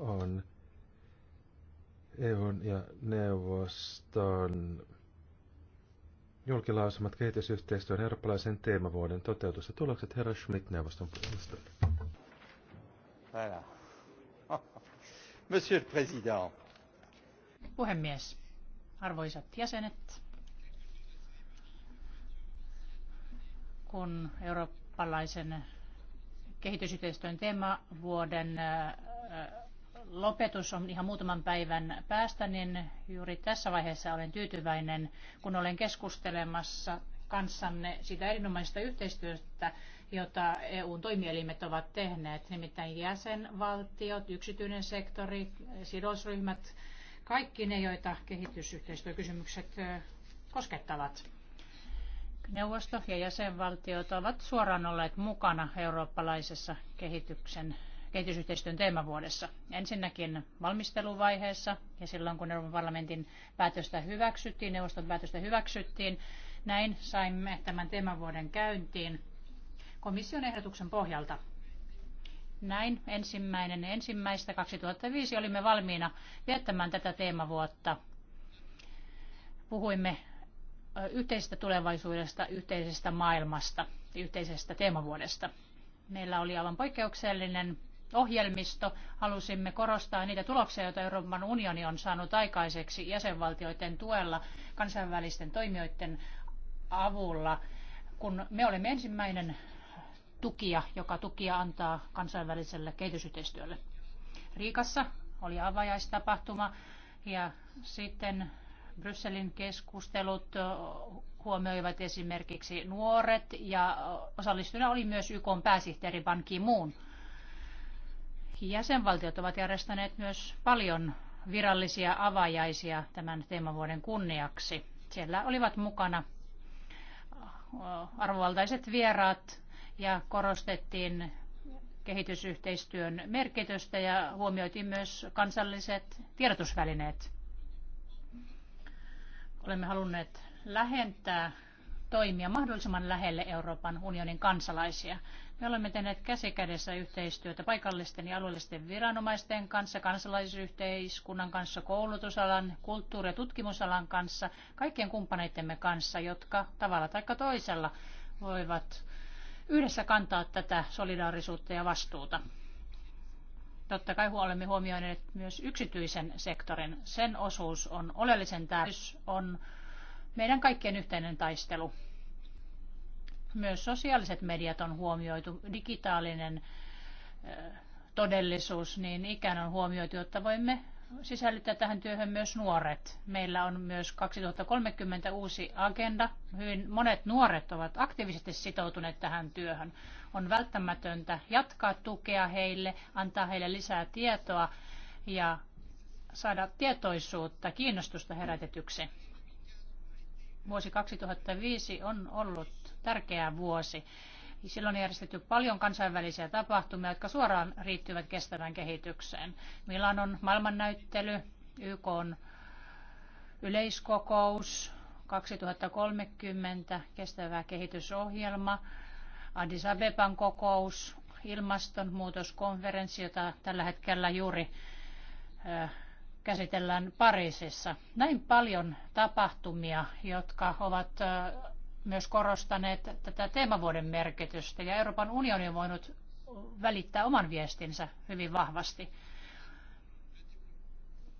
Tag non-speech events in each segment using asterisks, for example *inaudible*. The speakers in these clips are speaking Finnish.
on EUn ja neuvoston julkilausumat kehitysyhteistyön eurooppalaisen teemavuoden toteutus ja tulokset herra Schmidt neuvoston puolesta. Voilà. *laughs* Monsieur le Président. Puhemies, arvoisat jäsenet, kun eurooppalaisen kehitysyhteistyön teemavuoden lopetus on ihan muutaman päivän päästä, niin juuri tässä vaiheessa olen tyytyväinen, kun olen keskustelemassa kanssanne sitä erinomaisesta yhteistyöstä, jota EUn toimielimet ovat tehneet, nimittäin jäsenvaltiot, yksityinen sektori, sidosryhmät, kaikki ne, joita kehitysyhteistyökysymykset koskettavat. Neuvosto ja jäsenvaltiot ovat suoraan olleet mukana eurooppalaisessa kehityksen kehitysyhteistyön teemavuodessa. Ensinnäkin valmisteluvaiheessa ja silloin kun Euroopan parlamentin päätöstä hyväksyttiin, neuvoston päätöstä hyväksyttiin, näin saimme tämän teemavuoden käyntiin komission ehdotuksen pohjalta. Näin ensimmäinen ensimmäistä 2005 olimme valmiina viettämään tätä teemavuotta. Puhuimme yhteisestä tulevaisuudesta, yhteisestä maailmasta, yhteisestä teemavuodesta. Meillä oli aivan poikkeuksellinen ohjelmisto, halusimme korostaa niitä tuloksia, joita Euroopan unioni on saanut aikaiseksi jäsenvaltioiden tuella, kansainvälisten toimijoiden avulla, kun me olemme ensimmäinen tukija, joka tukia antaa kansainväliselle kehitysyhteistyölle. Riikassa oli avajaistapahtuma ja sitten Brysselin keskustelut huomioivat esimerkiksi nuoret ja osallistujana oli myös YK pääsihteeri Ban Ki-moon. Jäsenvaltiot ovat järjestäneet myös paljon virallisia avajaisia tämän teemavuoden kunniaksi. Siellä olivat mukana äh, arvovaltaiset vieraat ja korostettiin kehitysyhteistyön merkitystä ja huomioitiin myös kansalliset tiedotusvälineet. Olemme halunneet lähentää toimia mahdollisimman lähelle Euroopan unionin kansalaisia. Me olemme tehneet käsikädessä yhteistyötä paikallisten ja alueellisten viranomaisten kanssa, kansalaisyhteiskunnan kanssa, koulutusalan, kulttuuri- ja tutkimusalan kanssa, kaikkien kumppaneittemme kanssa, jotka tavalla tai toisella voivat yhdessä kantaa tätä solidaarisuutta ja vastuuta. Totta kai olemme huomioineet myös yksityisen sektorin. Sen osuus on oleellisen tärkeä. on meidän kaikkien yhteinen taistelu. Myös sosiaaliset mediat on huomioitu, digitaalinen todellisuus niin ikään on huomioitu, jotta voimme sisällyttää tähän työhön myös nuoret. Meillä on myös 2030 uusi agenda. Hyvin monet nuoret ovat aktiivisesti sitoutuneet tähän työhön. On välttämätöntä jatkaa tukea heille, antaa heille lisää tietoa ja saada tietoisuutta, kiinnostusta herätetyksi. Vuosi 2005 on ollut tärkeä vuosi. Silloin on järjestetty paljon kansainvälisiä tapahtumia, jotka suoraan riittyvät kestävän kehitykseen. Milanon maailmannäyttely, YK on yleiskokous, 2030 kestävä kehitysohjelma, Addis Abeban kokous, ilmastonmuutoskonferenssi, jota tällä hetkellä juuri käsitellään Pariisissa. Näin paljon tapahtumia, jotka ovat myös korostaneet tätä teemavuoden merkitystä ja Euroopan unioni on voinut välittää oman viestinsä hyvin vahvasti.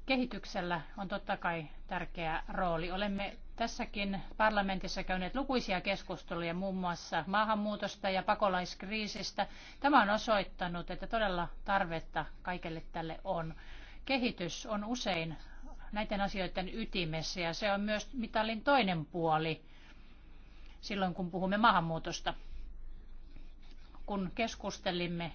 Kehityksellä on totta kai tärkeä rooli. Olemme tässäkin parlamentissa käyneet lukuisia keskusteluja muun muassa maahanmuutosta ja pakolaiskriisistä. Tämä on osoittanut, että todella tarvetta kaikelle tälle on. Kehitys on usein näiden asioiden ytimessä ja se on myös mitalin toinen puoli silloin, kun puhumme maahanmuutosta. Kun keskustelimme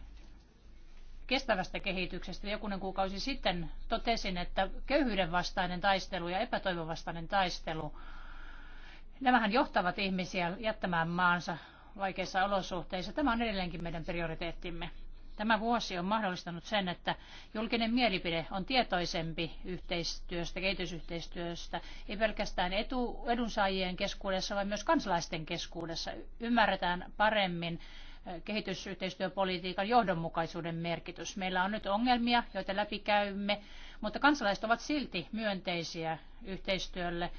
kestävästä kehityksestä jokunen kuukausi sitten, totesin, että köyhyyden vastainen taistelu ja epätoivon vastainen taistelu, nämähän johtavat ihmisiä jättämään maansa vaikeissa olosuhteissa. Tämä on edelleenkin meidän prioriteettimme. Tämä vuosi on mahdollistanut sen, että julkinen mielipide on tietoisempi yhteistyöstä, kehitysyhteistyöstä, ei pelkästään etu, edunsaajien keskuudessa, vaan myös kansalaisten keskuudessa. Ymmärretään paremmin kehitysyhteistyöpolitiikan johdonmukaisuuden merkitys. Meillä on nyt ongelmia, joita läpikäymme, mutta kansalaiset ovat silti myönteisiä yhteistyölle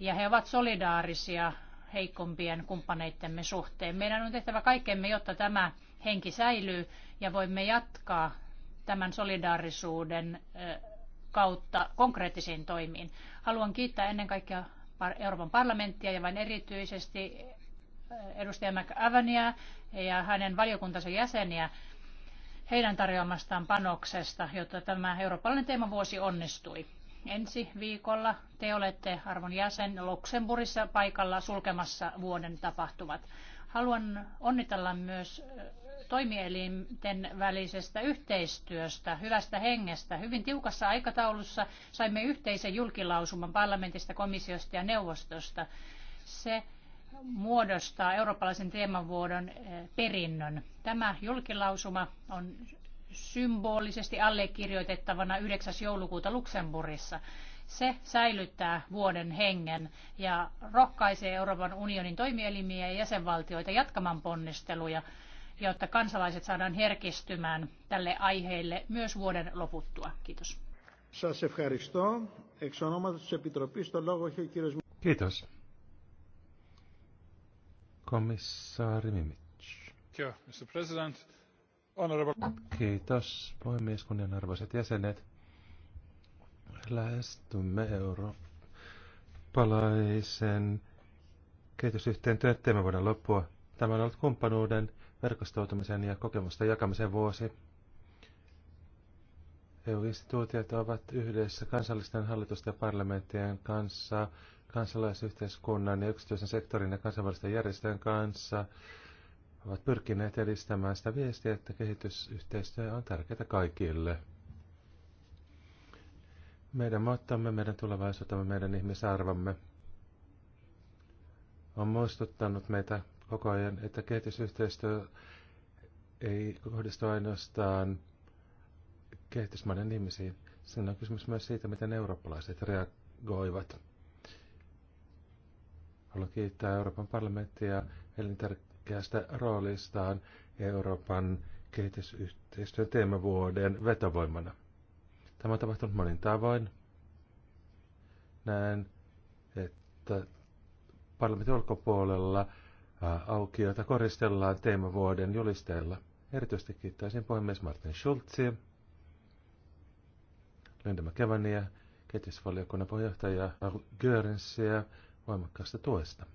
ja he ovat solidaarisia heikompien kumppaneittemme suhteen. Meidän on tehtävä kaikkemme, jotta tämä henki säilyy ja voimme jatkaa tämän solidaarisuuden kautta konkreettisiin toimiin. Haluan kiittää ennen kaikkea Euroopan parlamenttia ja vain erityisesti edustaja McAvania ja hänen valiokuntansa jäseniä heidän tarjoamastaan panoksesta, jotta tämä eurooppalainen teemavuosi onnistui. Ensi viikolla te olette arvon jäsen Luxemburgissa paikalla sulkemassa vuoden tapahtumat. Haluan onnitella myös toimielinten välisestä yhteistyöstä, hyvästä hengestä. Hyvin tiukassa aikataulussa saimme yhteisen julkilausuman parlamentista, komissiosta ja neuvostosta. Se muodostaa eurooppalaisen teemavuodon eh, perinnön. Tämä julkilausuma on symbolisesti allekirjoitettavana 9. joulukuuta Luxemburgissa. Se säilyttää vuoden hengen ja rohkaisee Euroopan unionin toimielimiä ja jäsenvaltioita jatkamaan ponnisteluja jotta kansalaiset saadaan herkistymään tälle aiheelle myös vuoden loputtua. Kiitos. Kiitos. Komissaari Mimic. Kiitos, puhemies, kunnianarvoiset jäsenet. Lähestymme eurooppalaisen kehitysyhteistyön vuoden loppua. Tämä on ollut kumppanuuden verkostoitumisen ja kokemusten jakamisen vuosi. EU-instituutiot ovat yhdessä kansallisten hallitusten ja parlamenttien kanssa, kansalaisyhteiskunnan ja yksityisen sektorin ja kansainvälisten järjestöjen kanssa ovat pyrkineet edistämään sitä viestiä, että kehitysyhteistyö on tärkeää kaikille. Meidän mottamme, meidän tulevaisuutemme, meidän ihmisarvomme on muistuttanut meitä koko ajan, että kehitysyhteistyö ei kohdistu ainoastaan kehitysmaiden ihmisiin. Siinä on kysymys myös siitä, miten eurooppalaiset reagoivat. Haluan kiittää Euroopan parlamenttia elintärkeästä roolistaan Euroopan kehitysyhteistyön teemavuoden vetovoimana. Tämä on tapahtunut monin tavoin. Näen, että parlamentin ulkopuolella – Äh, aukiota koristellaan teemavuoden julisteella. Erityisesti kiittäisin puhemies Martin Schulzia, Linda McEvania, kehitysvaliokunnan puheenjohtaja Görenssiä voimakkaasta tuesta.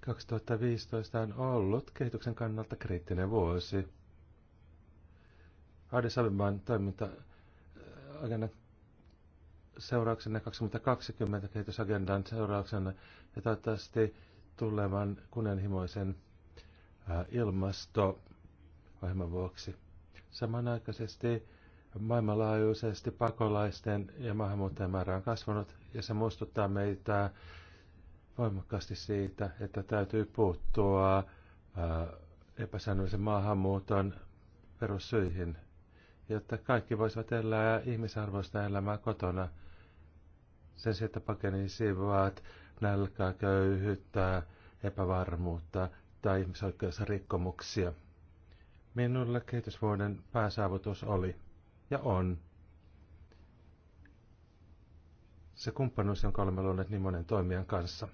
2015 on ollut kehityksen kannalta kriittinen vuosi. Addis Abeban toiminta äh, agenda seurauksena 2020 kehitysagendan seurauksena ja toivottavasti tulevan kunnianhimoisen ilmasto-ohjelman vuoksi. Samanaikaisesti maailmanlaajuisesti pakolaisten ja maahanmuuttajien määrä on kasvanut ja se muistuttaa meitä voimakkaasti siitä, että täytyy puuttua epäsäännöllisen maahanmuuton perussyihin, jotta kaikki voisivat elää ihmisarvoista elämää kotona sen sijaan, että pakenisivat nälkää, köyhyyttä, epävarmuutta tai ihmisoikeusrikkomuksia. Minulle kehitysvuoden pääsaavutus oli ja on se kumppanuus, jonka olemme luoneet niin monen toimijan kanssa.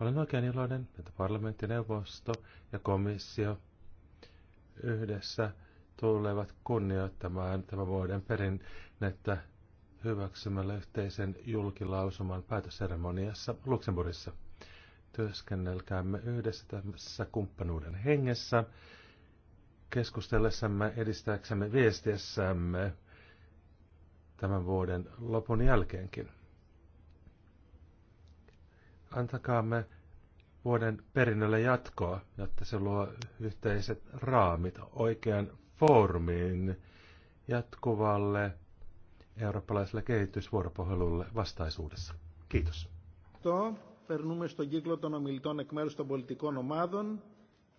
Olen oikein iloinen, että parlamenttineuvosto ja komissio yhdessä tulevat kunnioittamaan tämän vuoden perinnettä hyväksymällä yhteisen julkilausuman päätösseremoniassa Luxemburgissa. Työskennelkäämme yhdessä tässä kumppanuuden hengessä, keskustellessamme edistääksemme viestiessämme tämän vuoden lopun jälkeenkin. Antakaamme vuoden perinnölle jatkoa, jotta se luo yhteiset raamit oikean foorumiin jatkuvalle eurooppalaiselle kehitysvuoropuhelulle vastaisuudessa. Kiitos. Tuo περνούμε στον κύκλο των ομιλητών εκ μέρους των πολιτικών ομάδων.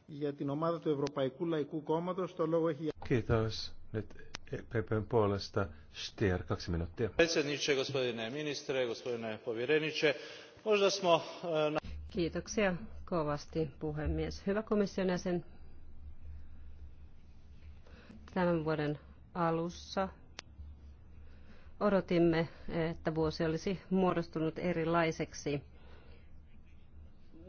Για την ομάδα του Ευρωπαϊκού Λαϊκού Κόμματος το λόγο έχει... Kiitos. Nyt EPPn puolesta Stier, kaksi minuuttia. Predsjedniče, gospodine ministre, gospodine povjereniče, možda smo... E, Kiitoksia kovasti puhemies. Hyvä komission jäsen, tämän vuoden alussa odotimme, että vuosi olisi muodostunut erilaiseksi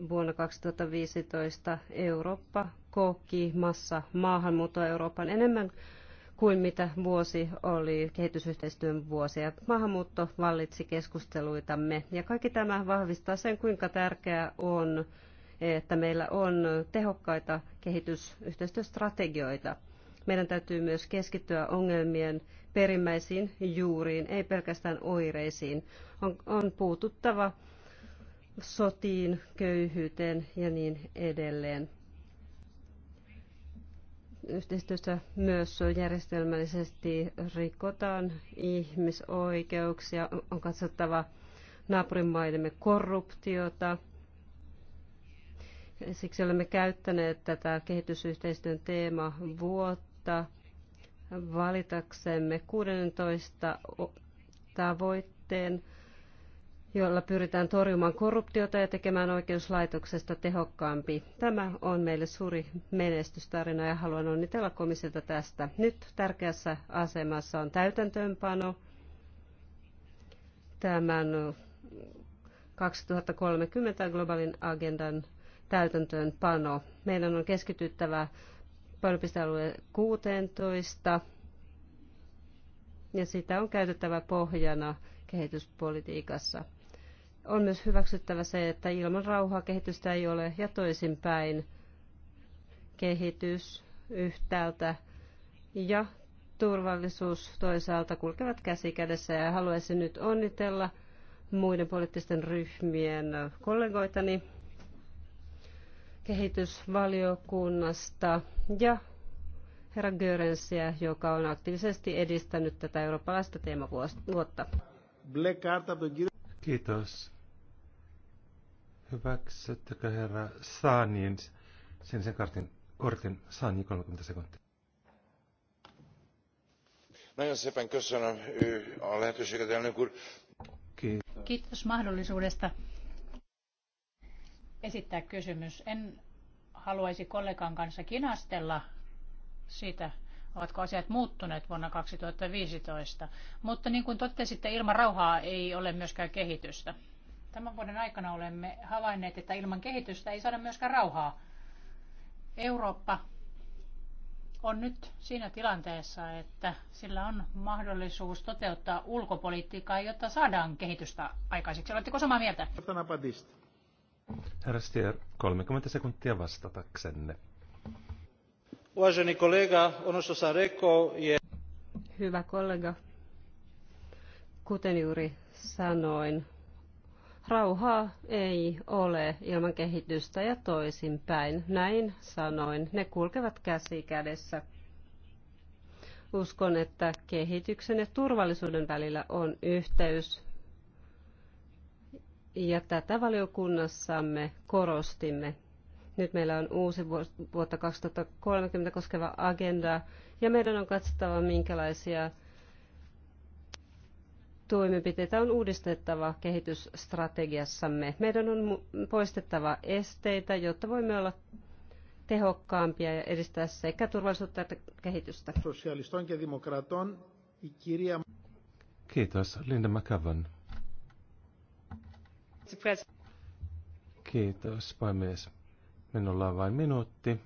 vuonna 2015 Eurooppa koki massa maahanmuuttoa Euroopan enemmän kuin mitä vuosi oli kehitysyhteistyön vuosi. Ja maahanmuutto vallitsi keskusteluitamme ja kaikki tämä vahvistaa sen, kuinka tärkeää on, että meillä on tehokkaita kehitysyhteistyöstrategioita. Meidän täytyy myös keskittyä ongelmien perimmäisiin juuriin, ei pelkästään oireisiin. On, on puututtava sotiin, köyhyyteen ja niin edelleen. Yhteistyössä myös järjestelmällisesti rikotaan ihmisoikeuksia, on katsottava naapurimaidemme korruptiota. Siksi olemme käyttäneet tätä kehitysyhteistyön teema vuotta valitaksemme 16 tavoitteen jolla pyritään torjumaan korruptiota ja tekemään oikeuslaitoksesta tehokkaampi. Tämä on meille suuri menestystarina ja haluan onnitella komissiota tästä. Nyt tärkeässä asemassa on täytäntöönpano tämän 2030 globaalin agendan täytäntöönpano. Meidän on keskityttävä painopistealue 16 ja sitä on käytettävä pohjana kehityspolitiikassa. On myös hyväksyttävä se, että ilman rauhaa kehitystä ei ole ja toisinpäin kehitys yhtäältä ja turvallisuus toisaalta kulkevat käsi kädessä ja haluaisin nyt onnitella muiden poliittisten ryhmien kollegoitani kehitysvaliokunnasta ja herra Görensiä, joka on aktiivisesti edistänyt tätä eurooppalaista teemavuotta. Kiitos. Hyväksyttekö herra Saanin sinisen kartin, kortin Saani 30 sekuntia? Nagyon szépen köszönöm a lehetőséget, elnök úr. Kiitos. Kiitos mahdollisuudesta esittää kysymys. En haluaisi kollegan kanssa kinastella siitä, ovatko asiat muuttuneet vuonna 2015. Mutta niin kuin totesitte, ilman rauhaa ei ole myöskään kehitystä. Tämän vuoden aikana olemme havainneet, että ilman kehitystä ei saada myöskään rauhaa. Eurooppa on nyt siinä tilanteessa, että sillä on mahdollisuus toteuttaa ulkopolitiikkaa, jotta saadaan kehitystä aikaiseksi. Oletteko samaa mieltä? Herra Stier, 30 sekuntia vastataksenne. Uvaženi kollega, ono što sam rekao je... Hyvä kollega, kuten juuri sanoin, Rauhaa ei ole ilman kehitystä ja toisinpäin. Näin sanoin. Ne kulkevat käsi kädessä. Uskon, että kehityksen ja turvallisuuden välillä on yhteys. Ja tätä valiokunnassamme korostimme. Nyt meillä on uusi vuotta 2030 koskeva agenda ja meidän on katsottava, minkälaisia toimenpiteitä on uudistettava kehitysstrategiassamme. Meidän on poistettava esteitä, jotta voimme olla tehokkaampia ja edistää sekä turvallisuutta että kehitystä. Sosialiston ja demokraton, kirja... Kiitos, Linda McAvan. Kiitos, puhemies. Minulla on vain minuutti,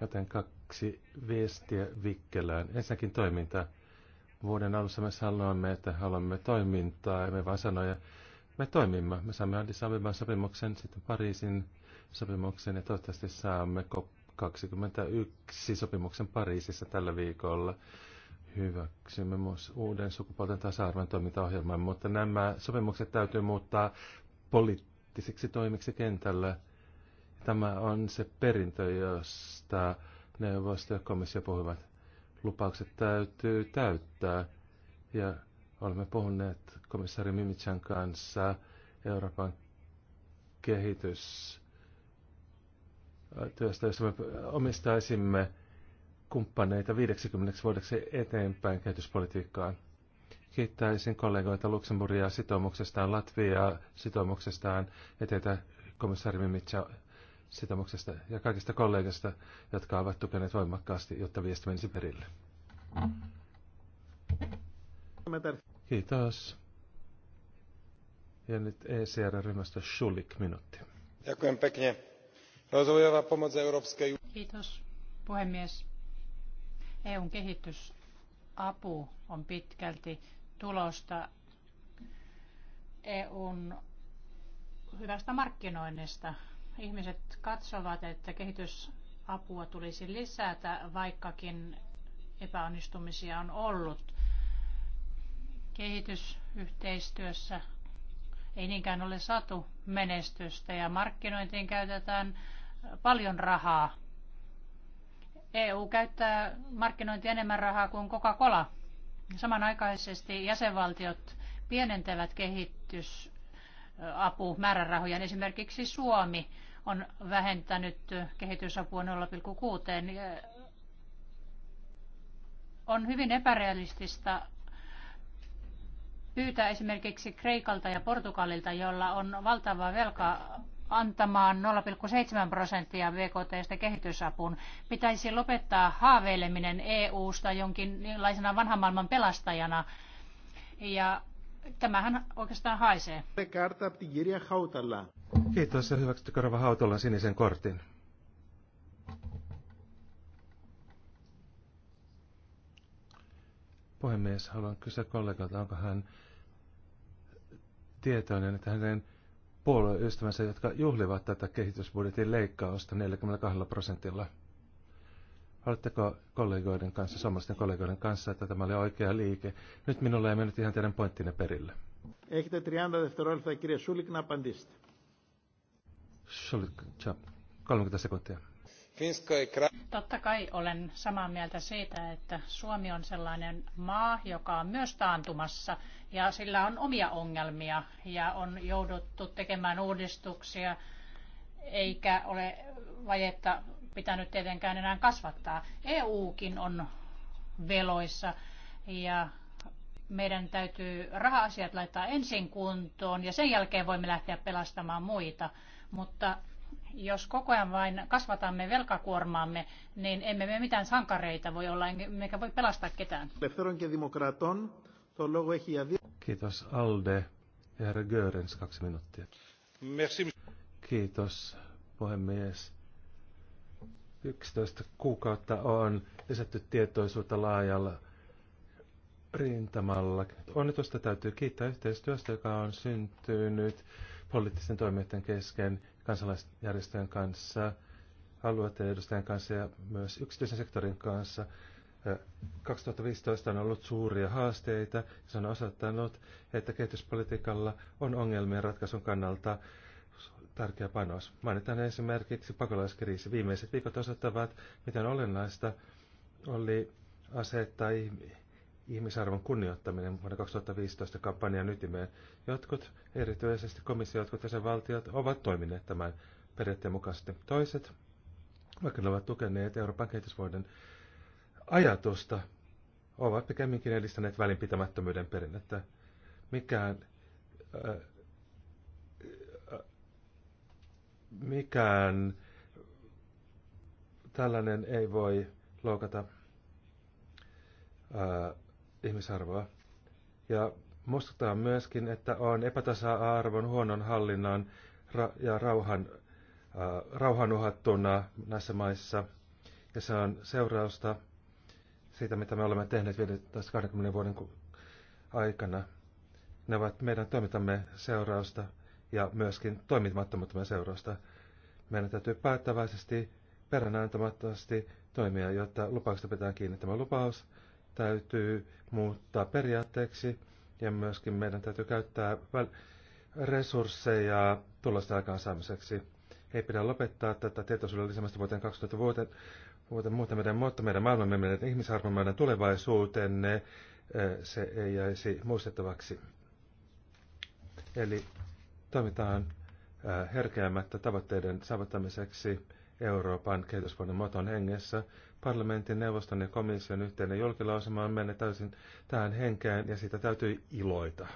joten kaksi viestiä vikkelään. Ensinnäkin toimintaa vuoden alussa me sanoimme, että haluamme toimintaa, emme vain että Me toimimme. Me saamme Addis Abeban sopimuksen, sitten Pariisin sopimuksen ja toivottavasti saamme COP21 sopimuksen Pariisissa tällä viikolla. Hyväksymme myös uuden sukupuolten tasa-arvon toimintaohjelman, mutta nämä sopimukset täytyy muuttaa poliittisiksi toimiksi kentällä. Tämä on se perintö, josta neuvosto ja komissio puhuvat lupaukset täytyy täyttää. Ja olemme puhuneet komissaari Mimitsan kanssa Euroopan kehitystyöstä, jossa me omistaisimme kumppaneita 50 vuodeksi eteenpäin kehityspolitiikkaan. Kiittäisin kollegoita Luxemburgia sitoumuksestaan, Latviaa sitoumuksestaan ja komissaari Mimitsa sitomuksesta ja kaikista kollegasta, jotka ovat tukeneet voimakkaasti, jotta viesti menisi perille. Kiitos. Ja nyt ECR-ryhmästä Schulik minuutti. Kiitos puhemies. EUn kehitysapu on pitkälti tulosta EUn hyvästä markkinoinnista ihmiset katsovat, että kehitysapua tulisi lisätä, vaikkakin epäonnistumisia on ollut. Kehitysyhteistyössä ei niinkään ole satu menestystä ja markkinointiin käytetään paljon rahaa. EU käyttää markkinointi enemmän rahaa kuin Coca-Cola. Samanaikaisesti jäsenvaltiot pienentävät kehitysapumäärärahoja, Esimerkiksi Suomi on vähentänyt kehitysapua 0,6. On hyvin epärealistista pyytää esimerkiksi Kreikalta ja Portugalilta, jolla on valtava velka antamaan 0,7 prosenttia BKTstä kehitysapuun. Pitäisi lopettaa haaveileminen EU-sta jonkinlaisena vanhan maailman pelastajana. Ja tämähän oikeastaan haisee. Kiitos ja hyväksyttekö Rova Hautolla sinisen kortin? Puhemies, haluan kysyä kollegalta, onko hän tietoinen, että hänen puolueystävänsä, jotka juhlivat tätä kehitysbudjetin leikkausta 42 prosentilla. Oletteko kollegoiden kanssa, suomalaisten kollegoiden kanssa, että tämä oli oikea liike? Nyt minulla ei mennyt ihan teidän pointtinne perille. Έχετε 30 δευτερόλεπτα, κύριε Σούλικ, να απαντήσετε. 30 sekuntia. Totta kai olen samaa mieltä siitä, että Suomi on sellainen maa, joka on myös taantumassa ja sillä on omia ongelmia ja on jouduttu tekemään uudistuksia eikä ole vajetta pitänyt tietenkään enää kasvattaa. EUkin on veloissa ja meidän täytyy raha-asiat laittaa ensin kuntoon ja sen jälkeen voimme lähteä pelastamaan muita mutta jos koko ajan vain kasvatamme velkakuormaamme, niin emme me mitään sankareita voi olla, emmekä voi pelastaa ketään. Kiitos Alde ja herra Görens, kaksi minuuttia. Merci. Kiitos puhemies. 11 kuukautta on lisätty tietoisuutta laajalla rintamalla. Onnetusta täytyy kiittää yhteistyöstä, joka on syntynyt poliittisten toimijoiden kesken, kansalaisjärjestöjen kanssa, alueiden edustajien kanssa ja myös yksityisen sektorin kanssa. 2015 on ollut suuria haasteita ja se on osoittanut, että kehityspolitiikalla on ongelmien ratkaisun kannalta tärkeä panos. Mainitaan esimerkiksi pakolaiskriisi. Viimeiset viikot osoittavat, miten olennaista oli asettaa ihmisarvon kunnioittaminen vuonna 2015 kampanjan ytimeen. Jotkut, erityisesti komissio, jotkut jäsenvaltiot, ovat toimineet tämän periaatteen mukaisesti. Toiset, vaikka ne ovat tukeneet Euroopan kehitysvuoden ajatusta, ovat pikemminkin edistäneet välinpitämättömyyden perinnettä. Mikään, äh, mikään tällainen ei voi loukata äh, ihmisarvoa. Ja muistuttaa myöskin, että on epätasa-arvon, huonon hallinnan ja rauhan, äh, rauhan uhattuna näissä maissa. Ja se on seurausta siitä, mitä me olemme tehneet tässä 20 vuoden aikana. Ne ovat meidän toimintamme seurausta ja myöskin toimimattomuutemme seurausta. Meidän täytyy päättäväisesti, peränääntämättömästi toimia, jotta lupauksesta pitää kiinni tämä lupaus täytyy muuttaa periaatteeksi ja myöskin meidän täytyy käyttää resursseja tulosta aikaansaamiseksi. Ei pidä lopettaa tätä tietoisuuden lisäämistä vuoteen 2000 vuoteen, vuoteen muuta meidän muotta, meidän maailmamme, meidän ihmisarvo, meidän tulevaisuutenne, eh, se ei jäisi muistettavaksi. Eli toimitaan eh, herkeämättä tavoitteiden saavuttamiseksi Euroopan kehitysvuoden moton hengessä parlamentin, neuvoston ja komission yhteinen julkilausuma on mennyt täysin tähän henkeen ja siitä täytyy iloita.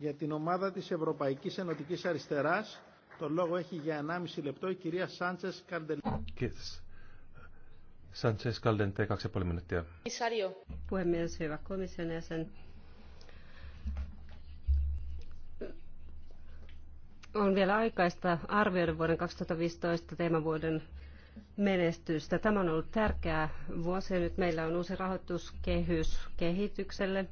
Για την ομάδα της Ευρωπαϊκής Ενωτικής Αριστεράς, το λόγο έχει για 1,5 λεπτό η κυρία Σάντσες Sanchez Caldente, kaksi ja puoli minuuttia. Puhemies, hyvä komission jäsen. On vielä aikaista arvioida vuoden 2015 teemavuoden menestystä. Tämä on ollut tärkeää vuosia. Nyt meillä on uusi rahoituskehys kehitykselle,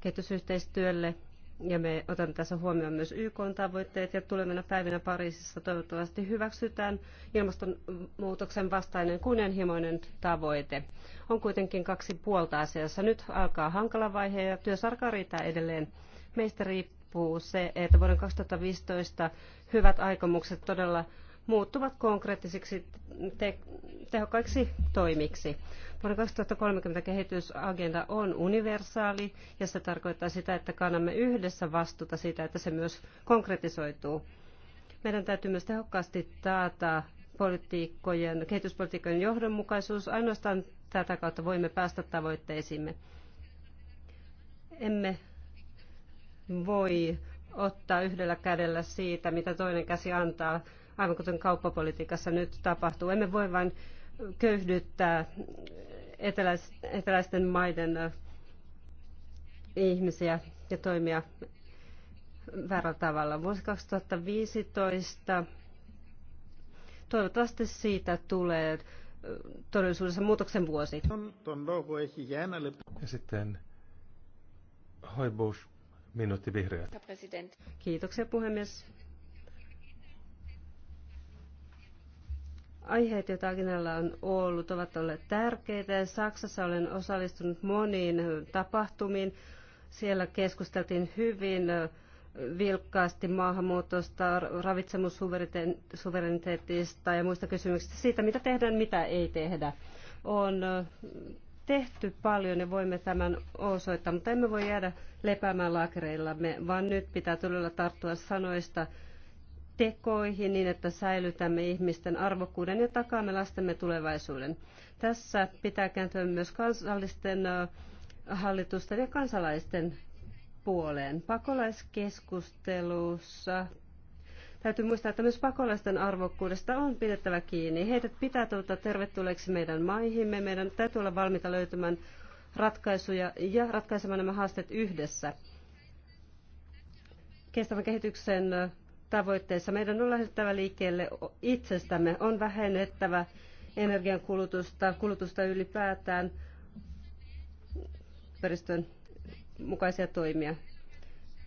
kehitysyhteistyölle ja me otamme tässä huomioon myös YK-tavoitteet ja tulevina päivinä Pariisissa toivottavasti hyväksytään ilmastonmuutoksen vastainen kunnianhimoinen tavoite. On kuitenkin kaksi puolta asiassa. Nyt alkaa hankala vaihe ja työsarkaa riittää edelleen. Meistä riippuu se, että vuoden 2015 hyvät aikomukset todella muuttuvat konkreettisiksi te- tehokkaiksi toimiksi. Vuonna 2030 kehitysagenda on universaali ja se tarkoittaa sitä, että kannamme yhdessä vastuuta siitä, että se myös konkretisoituu. Meidän täytyy myös tehokkaasti taata politiikkojen, kehityspolitiikkojen johdonmukaisuus. Ainoastaan tätä kautta voimme päästä tavoitteisiimme. Emme voi ottaa yhdellä kädellä siitä, mitä toinen käsi antaa, aivan kuten kauppapolitiikassa nyt tapahtuu. Emme voi vain köyhdyttää eteläisten maiden ihmisiä ja toimia väärällä tavalla. Vuosi 2015 toivottavasti siitä tulee todellisuudessa muutoksen vuosi. Ja sitten Hoibus, minuutti vihreät. Kiitoksia puhemies. Aiheet, joita Aginalla on ollut, ovat olleet tärkeitä. Saksassa olen osallistunut moniin tapahtumiin. Siellä keskusteltiin hyvin vilkkaasti maahanmuutosta, ravitsemussuvereniteetista ja muista kysymyksistä siitä, mitä tehdään, mitä ei tehdä. On tehty paljon ja voimme tämän osoittaa, mutta emme voi jäädä lepäämään laakereillamme, vaan nyt pitää todella tarttua sanoista tekoihin niin, että säilytämme ihmisten arvokkuuden ja takaamme lastemme tulevaisuuden. Tässä pitää kääntyä myös kansallisten hallitusten ja kansalaisten puoleen. Pakolaiskeskustelussa täytyy muistaa, että myös pakolaisten arvokkuudesta on pidettävä kiinni. Heidät pitää tuottaa tervetulleeksi meidän maihimme. Meidän täytyy olla valmiita löytämään ratkaisuja ja ratkaisemaan nämä haasteet yhdessä. Kestävän kehityksen Tavoitteessa Meidän on lähdettävä liikkeelle itsestämme, on vähennettävä energiankulutusta, kulutusta ylipäätään, ympäristön mukaisia toimia.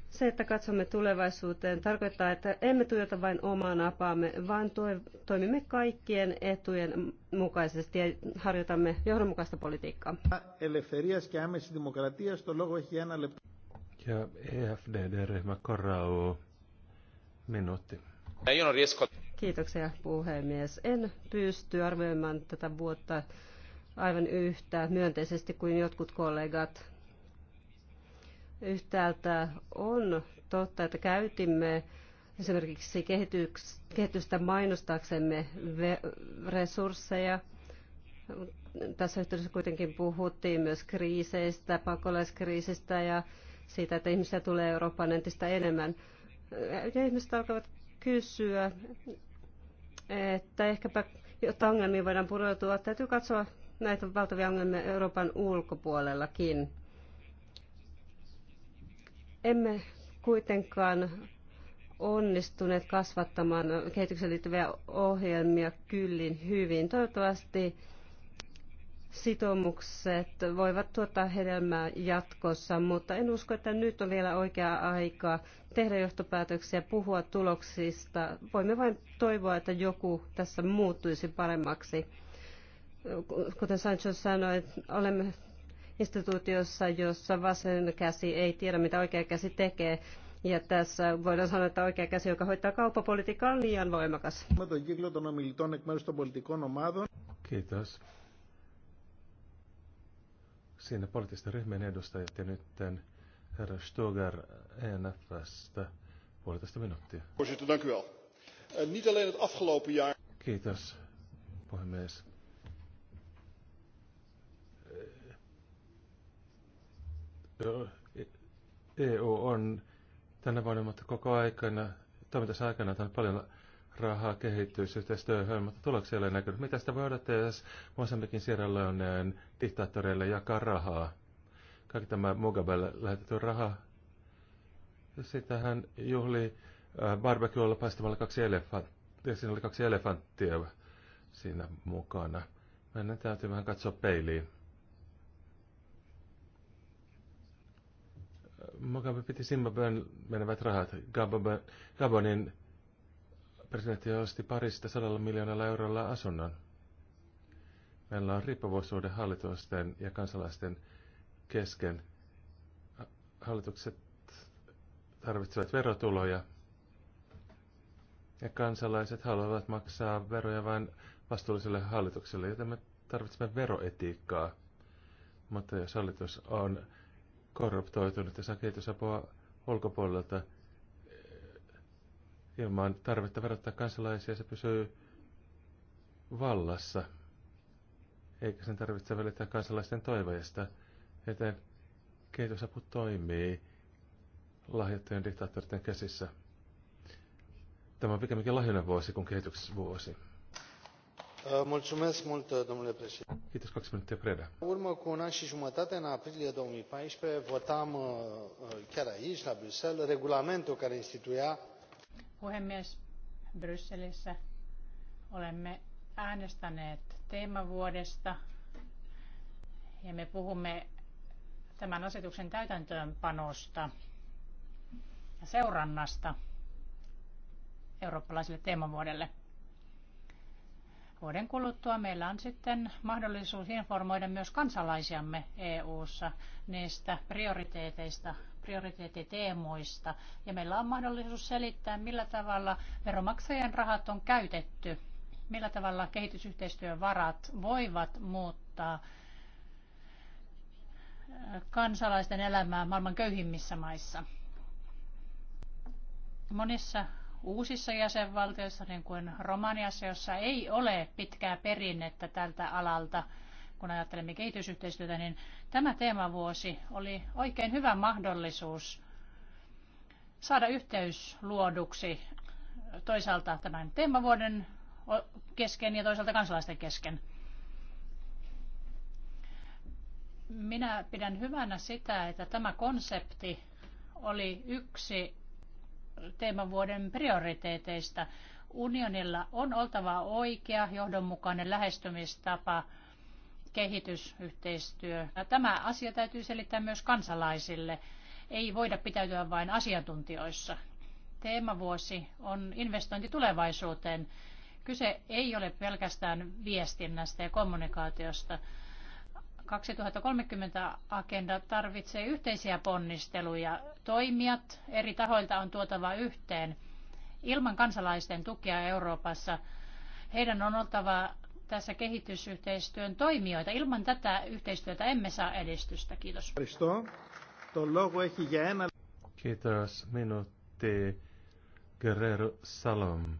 Se, että katsomme tulevaisuuteen, tarkoittaa, että emme tuijota vain omaa napaamme, vaan toimimme kaikkien etujen mukaisesti ja harjoitamme johdonmukaista politiikkaa. Ja EFDD-ryhmä Karau. Minuutti. Kiitoksia puhemies. En pysty arvioimaan tätä vuotta aivan yhtä myönteisesti kuin jotkut kollegat. Yhtäältä on totta, että käytimme esimerkiksi kehitystä mainostaksemme resursseja. Tässä yhteydessä kuitenkin puhuttiin myös kriiseistä, pakolaiskriisistä ja siitä, että ihmisiä tulee Eurooppaan entistä enemmän ja ihmiset alkavat kysyä, että ehkäpä jotta ongelmia voidaan pureutua, täytyy katsoa näitä valtavia ongelmia Euroopan ulkopuolellakin. Emme kuitenkaan onnistuneet kasvattamaan kehitykseen liittyviä ohjelmia kyllin hyvin. Toivottavasti sitoumukset voivat tuottaa hedelmää jatkossa, mutta en usko, että nyt on vielä oikea aika tehdä johtopäätöksiä, puhua tuloksista. Voimme vain toivoa, että joku tässä muuttuisi paremmaksi. Kuten Sancho sanoi, olemme instituutiossa, jossa vasen käsi ei tiedä, mitä oikea käsi tekee. Ja tässä voidaan sanoa, että oikea käsi, joka hoitaa kauppapolitiikkaa, on liian voimakas. Kiitos siinä poliittisten ryhmien edustajat ja nyt herra Stoger ENFstä puolitoista minuuttia. Eh, Kiitos, puhemies. EU eh, e on tänä vuonna, mutta koko aikana, toimintansa aikana, on paljon rahaa yhteistyöhön, mutta tuloksia ei ole näkynyt. Mitä sitä voi odottaa, jos Mosambikin Sierra Leoneen diktaattoreille jakaa rahaa. Kaikki tämä Mugabelle lähetetty raha. Sitä hän juhli äh, barbecuella paistamalla kaksi elefanttia. Siinä oli kaksi elefanttia siinä mukana. Meidän täytyy vähän katsoa peiliin. Mugabe piti Simbabön menevät rahat. Gabonin presidentti osti parista sadalla miljoonalla eurolla asunnon. Meillä on riippuvuussuhde hallitusten ja kansalaisten kesken. Hallitukset tarvitsevat verotuloja ja kansalaiset haluavat maksaa veroja vain vastuulliselle hallitukselle, joten me tarvitsemme veroetiikkaa. Mutta jos hallitus on korruptoitunut ja saa kehitysapua ulkopuolelta eh, ilman tarvetta verottaa kansalaisia, se pysyy vallassa eikä sen tarvitse välittää kansalaisten toiveista, joten kehitysapu toimii lahjoittajien diktaattoriten käsissä. Tämä on pikemminkin lahjoinen vuosi kuin kehitysvuosi. Mulțumesc mult, domnule președinte. Kiitos, kaksi minuuttia Preda. Urmă cu un an și jumătate, în aprilie 2014, votam chiar aici, la Bruxelles, regulamentul care instituia... Puhemies, Brysselissä olemme äänestäneet teemavuodesta ja me puhumme tämän asetuksen täytäntöönpanosta ja seurannasta eurooppalaiselle teemavuodelle. Vuoden kuluttua meillä on sitten mahdollisuus informoida myös kansalaisiamme EU-ssa niistä prioriteeteista, prioriteettiteemoista. Ja meillä on mahdollisuus selittää, millä tavalla veromaksajien rahat on käytetty millä tavalla kehitysyhteistyön varat voivat muuttaa äh, kansalaisten elämää maailman köyhimmissä maissa. Monissa uusissa jäsenvaltioissa, niin kuin Romaniassa, jossa ei ole pitkää perinnettä tältä alalta, kun ajattelemme kehitysyhteistyötä, niin tämä teemavuosi oli oikein hyvä mahdollisuus saada yhteys luoduksi toisaalta tämän teemavuoden kesken ja toisaalta kansalaisten kesken. Minä pidän hyvänä sitä, että tämä konsepti oli yksi teemavuoden prioriteeteista. Unionilla on oltava oikea johdonmukainen lähestymistapa kehitysyhteistyö. Tämä asia täytyy selittää myös kansalaisille. Ei voida pitäytyä vain asiantuntijoissa. Teemavuosi on investointi tulevaisuuteen. Kyse ei ole pelkästään viestinnästä ja kommunikaatiosta. 2030-agenda tarvitsee yhteisiä ponnisteluja. Toimijat eri tahoilta on tuotava yhteen. Ilman kansalaisten tukea Euroopassa heidän on oltava tässä kehitysyhteistyön toimijoita. Ilman tätä yhteistyötä emme saa edistystä. Kiitos. Kiitos. Minuutti. Guerrero Salom.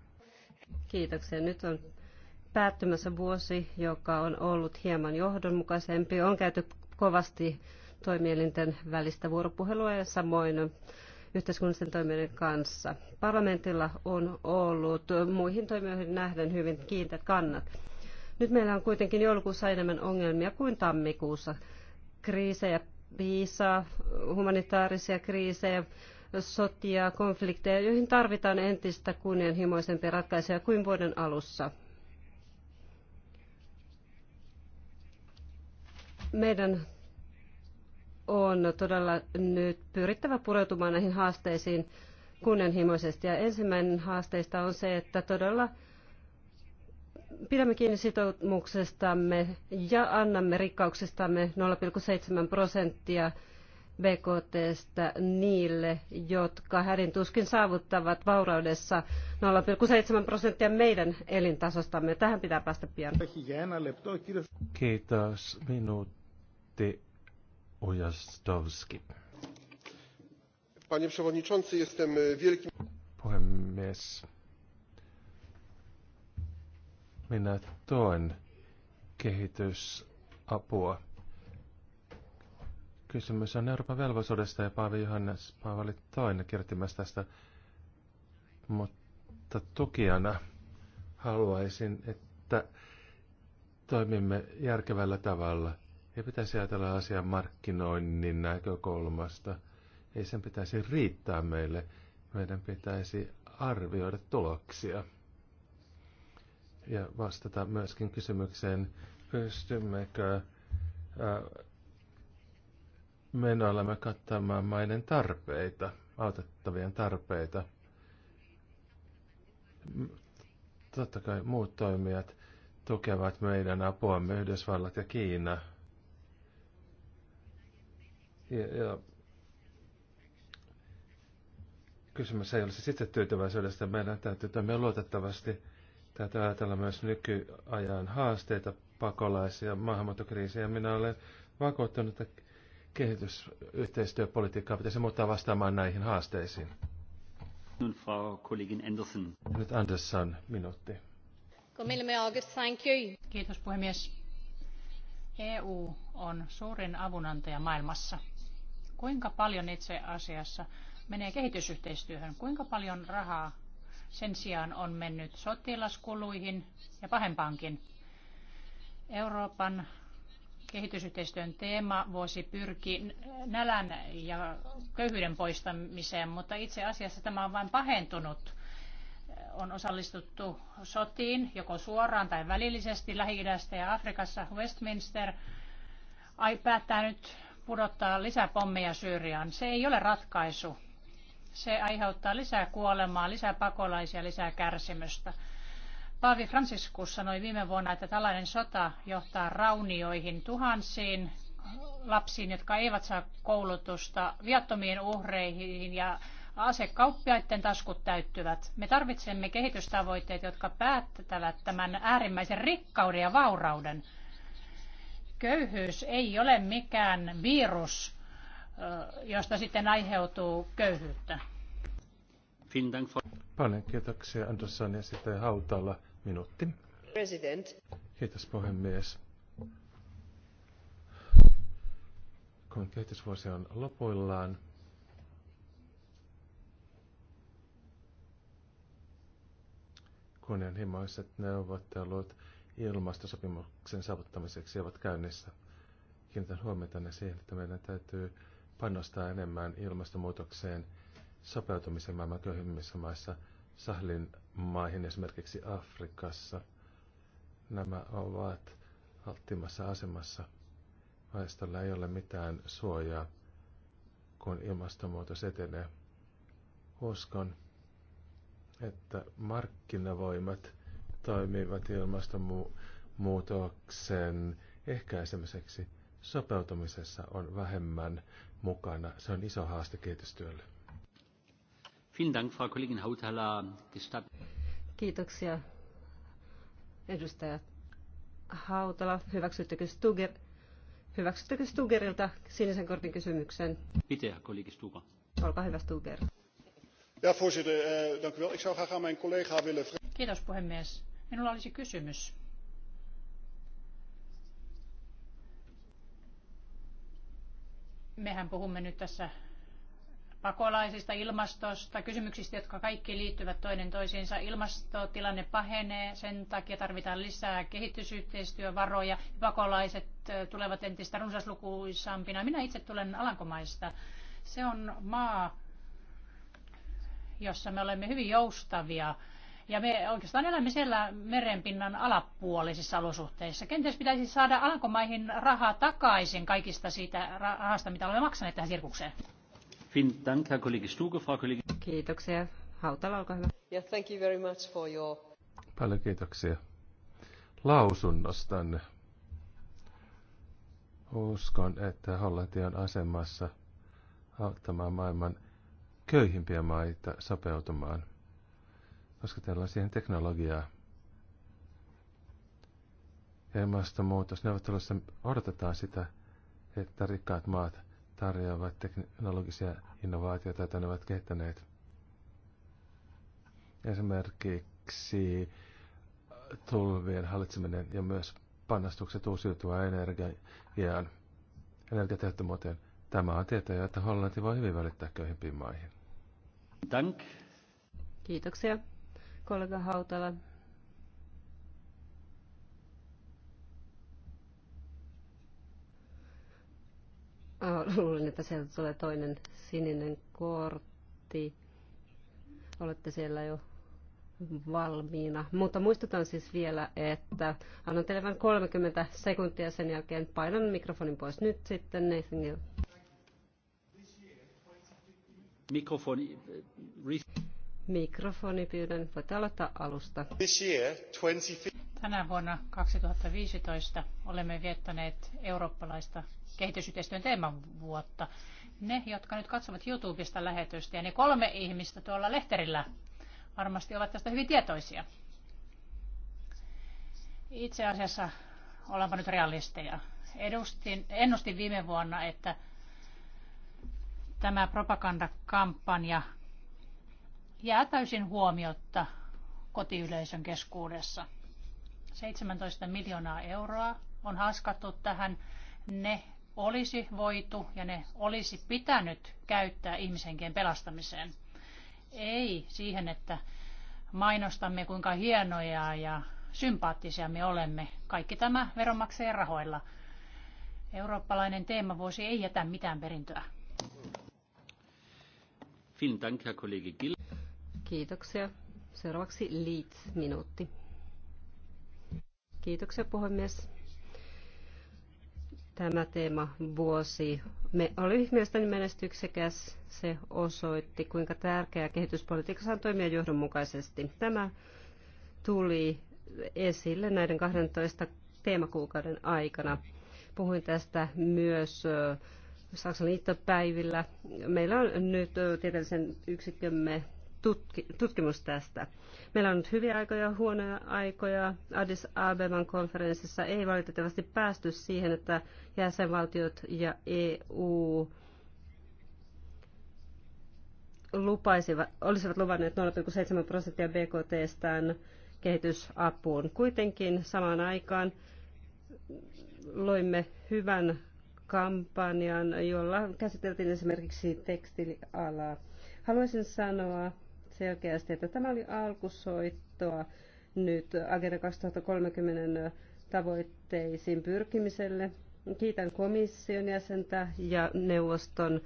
Kiitoksia. Nyt on päättymässä vuosi, joka on ollut hieman johdonmukaisempi. On käyty kovasti toimielinten välistä vuoropuhelua ja samoin yhteiskunnallisten toimijoiden kanssa. Parlamentilla on ollut muihin toimijoihin nähden hyvin kiinteät kannat. Nyt meillä on kuitenkin joulukuussa enemmän ongelmia kuin tammikuussa. Kriisejä piisaa, humanitaarisia kriisejä, sotia, konflikteja, joihin tarvitaan entistä kunnianhimoisempia ratkaisuja kuin vuoden alussa. Meidän on todella nyt pyrittävä pureutumaan näihin haasteisiin kunnianhimoisesti. Ja ensimmäinen haasteista on se, että todella pidämme kiinni sitoumuksestamme ja annamme rikkauksistamme 0,7 prosenttia BKT niille, jotka hädin tuskin saavuttavat vauraudessa 0,7 prosenttia meidän elintasostamme. Tähän pitää päästä pian. Kiitos. Minuutti Ojastowski. Puhemies. Minä toin kehitysapua Kysymys on Euroopan velvollisuudesta ja Paavi Johannes Paavali toinen kirjoitti myös tästä. Mutta tukijana haluaisin, että toimimme järkevällä tavalla. Ei pitäisi ajatella asiaa markkinoinnin näkökulmasta. Ei sen pitäisi riittää meille. Meidän pitäisi arvioida tuloksia. Ja vastata myöskin kysymykseen, pystymmekö me olemme kattamaan maiden tarpeita, autettavien tarpeita. Totta kai muut toimijat tukevat meidän apuamme, Yhdysvallat ja Kiina. Ja, ja kysymys ei olisi sitten tyytyväisyydestä. Meidän täytyy toimia luotettavasti. Täytyy ajatella myös nykyajan haasteita, pakolaisia, maahanmuuttokriisiä. Minä olen vakuuttunut, että kehitysyhteistyöpolitiikkaa pitäisi muuttaa vastaamaan näihin haasteisiin. Nyt Andersson, minuutti. Kiitos puhemies. EU on suurin avunantaja maailmassa. Kuinka paljon itse asiassa menee kehitysyhteistyöhön? Kuinka paljon rahaa sen sijaan on mennyt sotilaskuluihin ja pahempaankin? Euroopan kehitysyhteistyön teema vuosi pyrki nälän ja köyhyyden poistamiseen, mutta itse asiassa tämä on vain pahentunut. On osallistuttu sotiin joko suoraan tai välillisesti Lähi-idästä ja Afrikassa. Westminster ai, päättää nyt pudottaa lisää pommeja Syyriaan. Se ei ole ratkaisu. Se aiheuttaa lisää kuolemaa, lisää pakolaisia, lisää kärsimystä. Paavi Franciscus sanoi viime vuonna, että tällainen sota johtaa raunioihin tuhansiin lapsiin, jotka eivät saa koulutusta, viattomiin uhreihin ja asekauppiaiden taskut täyttyvät. Me tarvitsemme kehitystavoitteet, jotka päättävät tämän äärimmäisen rikkauden ja vaurauden. Köyhyys ei ole mikään virus, josta sitten aiheutuu köyhyyttä. Paljon kiitoksia Andersson ja sitten Hautala. Minuutti. President. Kiitos puhemies. Kun kehitysvuosi on lopuillaan, kunnianhimoiset neuvottelut ilmastosopimuksen saavuttamiseksi ovat käynnissä. Kiinnitän huomiota siihen, että meidän täytyy panostaa enemmän ilmastonmuutokseen sopeutumisen maailman köyhimmissä maissa Sahlin maihin, esimerkiksi Afrikassa. Nämä ovat alttimassa asemassa. Väestöllä ei ole mitään suojaa, kun ilmastonmuutos etenee. Uskon, että markkinavoimat toimivat ilmastonmuutoksen ehkäisemiseksi. Sopeutumisessa on vähemmän mukana. Se on iso haaste kehitystyölle. Kiitoksia. Edustaja Hautala, hyväksyttekö Stuger? Hyväksyttekö Stugerilta sinisen kortin kysymyksen? Pitää, kollegi Stuga. Olkaa hyvä, Stuger. Ja, voorzitter, eh, dank u wel. Ik zou graag aan mijn collega willen... Kiitos, puhemies. Minulla olisi kysymys. Mehän puhumme nyt tässä pakolaisista, ilmastosta, kysymyksistä, jotka kaikki liittyvät toinen toisiinsa. Ilmastotilanne pahenee, sen takia tarvitaan lisää kehitysyhteistyövaroja. Pakolaiset tulevat entistä runsaslukuisampina. Minä itse tulen Alankomaista. Se on maa, jossa me olemme hyvin joustavia. Ja me oikeastaan elämme siellä merenpinnan alapuolisissa olosuhteissa. Kenties pitäisi saada Alankomaihin rahaa takaisin kaikista siitä rahasta, mitä olemme maksaneet tähän sirkukseen. Kiitoksia. Hautala, olkaa hyvä. Yeah, thank you very much for your... Paljon kiitoksia lausunnostanne. Uskon, että Hollanti on asemassa auttamaan maailman köyhimpiä maita sopeutumaan, koska teillä on siihen teknologiaa. Ja ilmastonmuutosneuvottelussa odotetaan sitä, että rikkaat maat tarjoavat teknologisia innovaatioita, joita ne ovat kehittäneet. Esimerkiksi tulvien hallitseminen ja myös panostukset uusiutuvaan energiaan, energiatehottomuuteen. Tämä on tietoja, että Hollanti voi hyvin välittää köyhimpiin maihin. Dank. Kiitoksia, kollega Hautala. *laughs* Luulen, että sieltä tulee toinen sininen kortti. Olette siellä jo valmiina. Mutta muistutan siis vielä, että annan teille vain 30 sekuntia sen jälkeen. Painan mikrofonin pois nyt sitten. Nathan Mikrofoni. Eh, Mikrofoni pyydän. Voitte aloittaa alusta. This year, Tänä vuonna 2015 olemme viettäneet eurooppalaista kehitysyhteistyön vuotta. Ne, jotka nyt katsovat YouTubesta lähetystä ja ne kolme ihmistä tuolla lehterillä varmasti ovat tästä hyvin tietoisia. Itse asiassa ollaanpa nyt realisteja. Edustin, ennustin viime vuonna, että tämä propagandakampanja jää täysin huomiotta kotiyleisön keskuudessa – 17 miljoonaa euroa on haaskattu tähän. Ne olisi voitu ja ne olisi pitänyt käyttää ihmishenkien pelastamiseen. Ei siihen, että mainostamme kuinka hienoja ja sympaattisia me olemme. Kaikki tämä veronmaksajien rahoilla. Eurooppalainen teemavuosi ei jätä mitään perintöä. Kiitoksia. Seuraavaksi Leeds minuutti. Kiitoksia puhemies. Tämä teema vuosi me, oli mielestäni menestyksekäs. Se osoitti, kuinka tärkeää kehityspolitiikassa on toimia johdonmukaisesti. Tämä tuli esille näiden 12 teemakuukauden aikana. Puhuin tästä myös Saksan liittopäivillä. Meillä on nyt tieteellisen yksikkömme tutkimus tästä. Meillä on nyt hyviä aikoja, huonoja aikoja. Addis Abeban konferenssissa ei valitettavasti päästy siihen, että jäsenvaltiot ja EU lupaisivat, olisivat luvanneet 0,7 prosenttia BKTstään kehitysapuun. Kuitenkin samaan aikaan loimme hyvän kampanjan, jolla käsiteltiin esimerkiksi tekstilialaa. Haluaisin sanoa, selkeästi, että tämä oli alkusoittoa nyt Agenda 2030 tavoitteisiin pyrkimiselle. Kiitän komission jäsentä ja neuvoston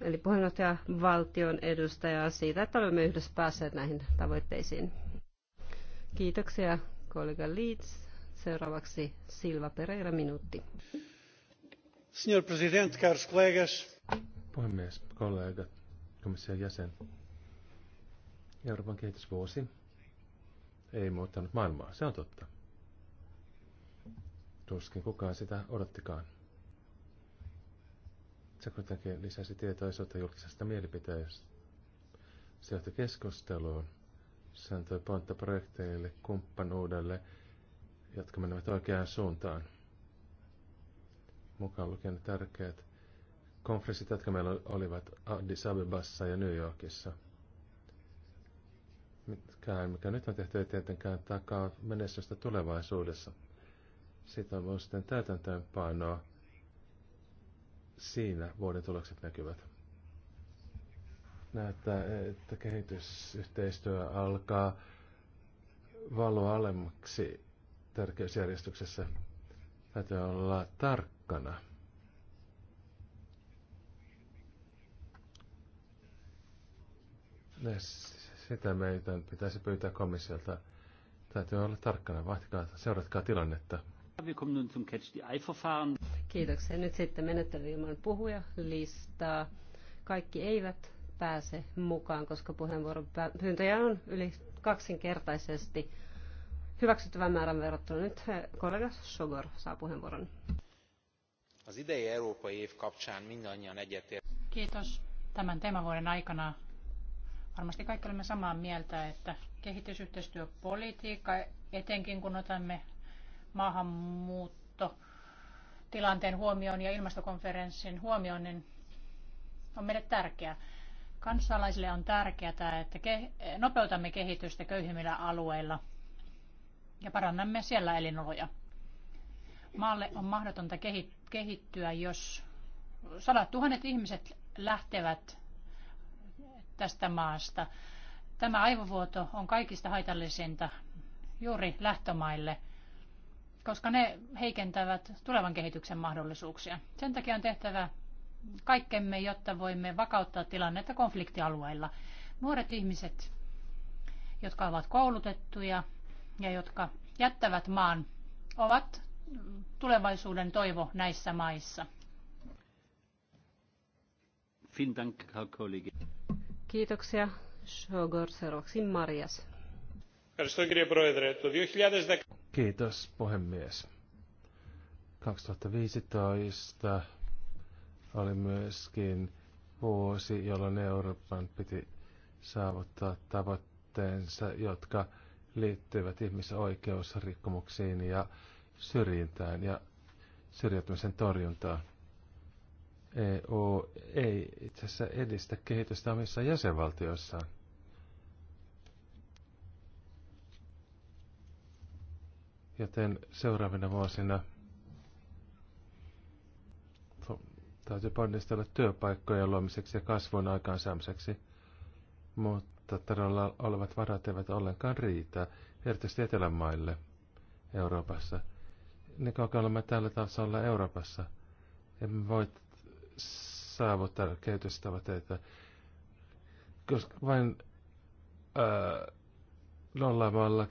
eli puheenjohtaja valtion edustajaa siitä, että olemme yhdessä päässeet näihin tavoitteisiin. Kiitoksia kollega Leeds. Seuraavaksi Silva Pereira minuutti. Signor Presidente, caros colegas. Puhemies, kollegat, komission jäsen. Euroopan kehitysvuosi ei muuttanut maailmaa, se on totta. Tuskin kukaan sitä odottikaan. Se kuitenkin lisäsi tietoisuutta julkisesta mielipiteestä. Se johti keskusteluun. Se antoi pontta projekteille, kumppanuudelle, jotka menevät oikeaan suuntaan. Mukaan lukien tärkeät konferenssit, jotka meillä olivat Addis Abebassa ja New Yorkissa – mitkään, mikä nyt on tehty, ei tietenkään takaa menestystä tulevaisuudessa. Sitä on sitten täytäntöönpanoa. Siinä vuoden tulokset näkyvät. Näyttää, että kehitysyhteistyö alkaa valua alemmaksi tärkeysjärjestyksessä. Täytyy olla tarkkana. Näissä sitä meitä pitäisi pyytää komissiolta. Täytyy olla tarkkana, vaihtakaa, seuratkaa tilannetta. Kiitoksia. Nyt sitten menettelyilman listaa Kaikki eivät pääse mukaan, koska puheenvuoron pyyntöjä on yli kaksinkertaisesti hyväksyttävän määrän verrattuna. Nyt eh, kollega Sogor saa puheenvuoron. Az idei európai év kapcsán mindannyian egyetért. Kiitos. Tämän teemavuoden aikana Varmasti kaikki olemme samaa mieltä, että kehitysyhteistyöpolitiikka, etenkin kun otamme maahanmuutto tilanteen huomioon ja ilmastokonferenssin huomioon, niin on meille tärkeää. Kansalaisille on tärkeää, että nopeutamme kehitystä köyhimmillä alueilla ja parannamme siellä elinoloja. Maalle on mahdotonta kehittyä, jos sadat tuhannet ihmiset lähtevät tästä maasta. Tämä aivovuoto on kaikista haitallisinta juuri lähtömaille, koska ne heikentävät tulevan kehityksen mahdollisuuksia. Sen takia on tehtävä kaikkemme, jotta voimme vakauttaa tilannetta konfliktialueilla. Nuoret ihmiset, jotka ovat koulutettuja ja jotka jättävät maan, ovat tulevaisuuden toivo näissä maissa. Vielen Dank, Herr Kollege. Kiitoksia. Shogor seuraavaksi Marias. Kiitos puhemies. 2015 oli myöskin vuosi, jolloin Euroopan piti saavuttaa tavoitteensa, jotka liittyvät ihmisoikeusrikkomuksiin ja syrjintään ja syrjäytymisen torjuntaan. EU ei itse asiassa edistä kehitystä omissa jäsenvaltioissaan. Joten seuraavina vuosina täytyy ponnistella työpaikkojen luomiseksi ja kasvun aikaansaamiseksi, mutta tarjolla olevat varat eivät ollenkaan riitä, erityisesti etelämaille Euroopassa. Niin kauan olemme täällä olla Euroopassa, emme voi saavuttaa kehitystavoitteita, koska vain ää, nollaamalla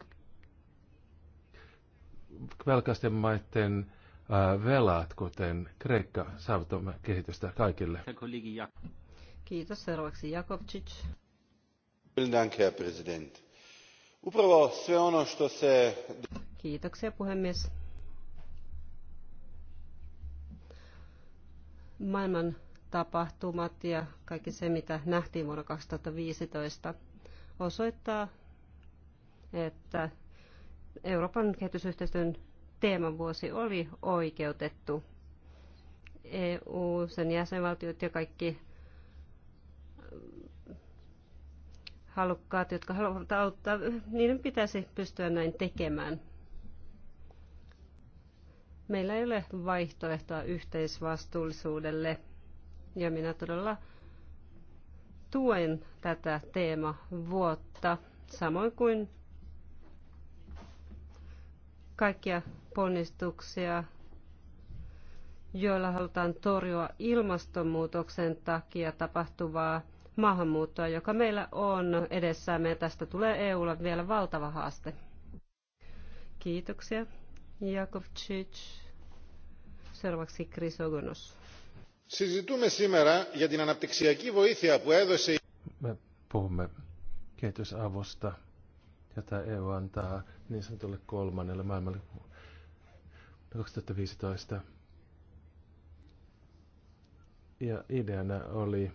velkaisten maiden ää, velat, kuten Kreikka, saavutamme kehitystä kaikille. Kiitos. Seuraavaksi Jakovčić. Kiitoksia puhemies maailman tapahtumat ja kaikki se, mitä nähtiin vuonna 2015, osoittaa, että Euroopan kehitysyhteistyön teemavuosi oli oikeutettu. EU, sen jäsenvaltiot ja kaikki halukkaat, jotka haluavat auttaa, niiden pitäisi pystyä näin tekemään. Meillä ei ole vaihtoehtoa yhteisvastuullisuudelle ja minä todella tuen tätä teema vuotta samoin kuin kaikkia ponnistuksia, joilla halutaan torjua ilmastonmuutoksen takia tapahtuvaa maahanmuuttoa, joka meillä on edessämme. Tästä tulee EUlla vielä valtava haaste. Kiitoksia. Jakovčić. Seuraavaksi Chrysogonos. Συζητούμε σήμερα για την αναπτυξιακή βοήθεια που έδωσε... Me puhumme kehitysavusta, jota EU antaa niin sanotulle kolmannelle maailmalle 2015. Ja ideana oli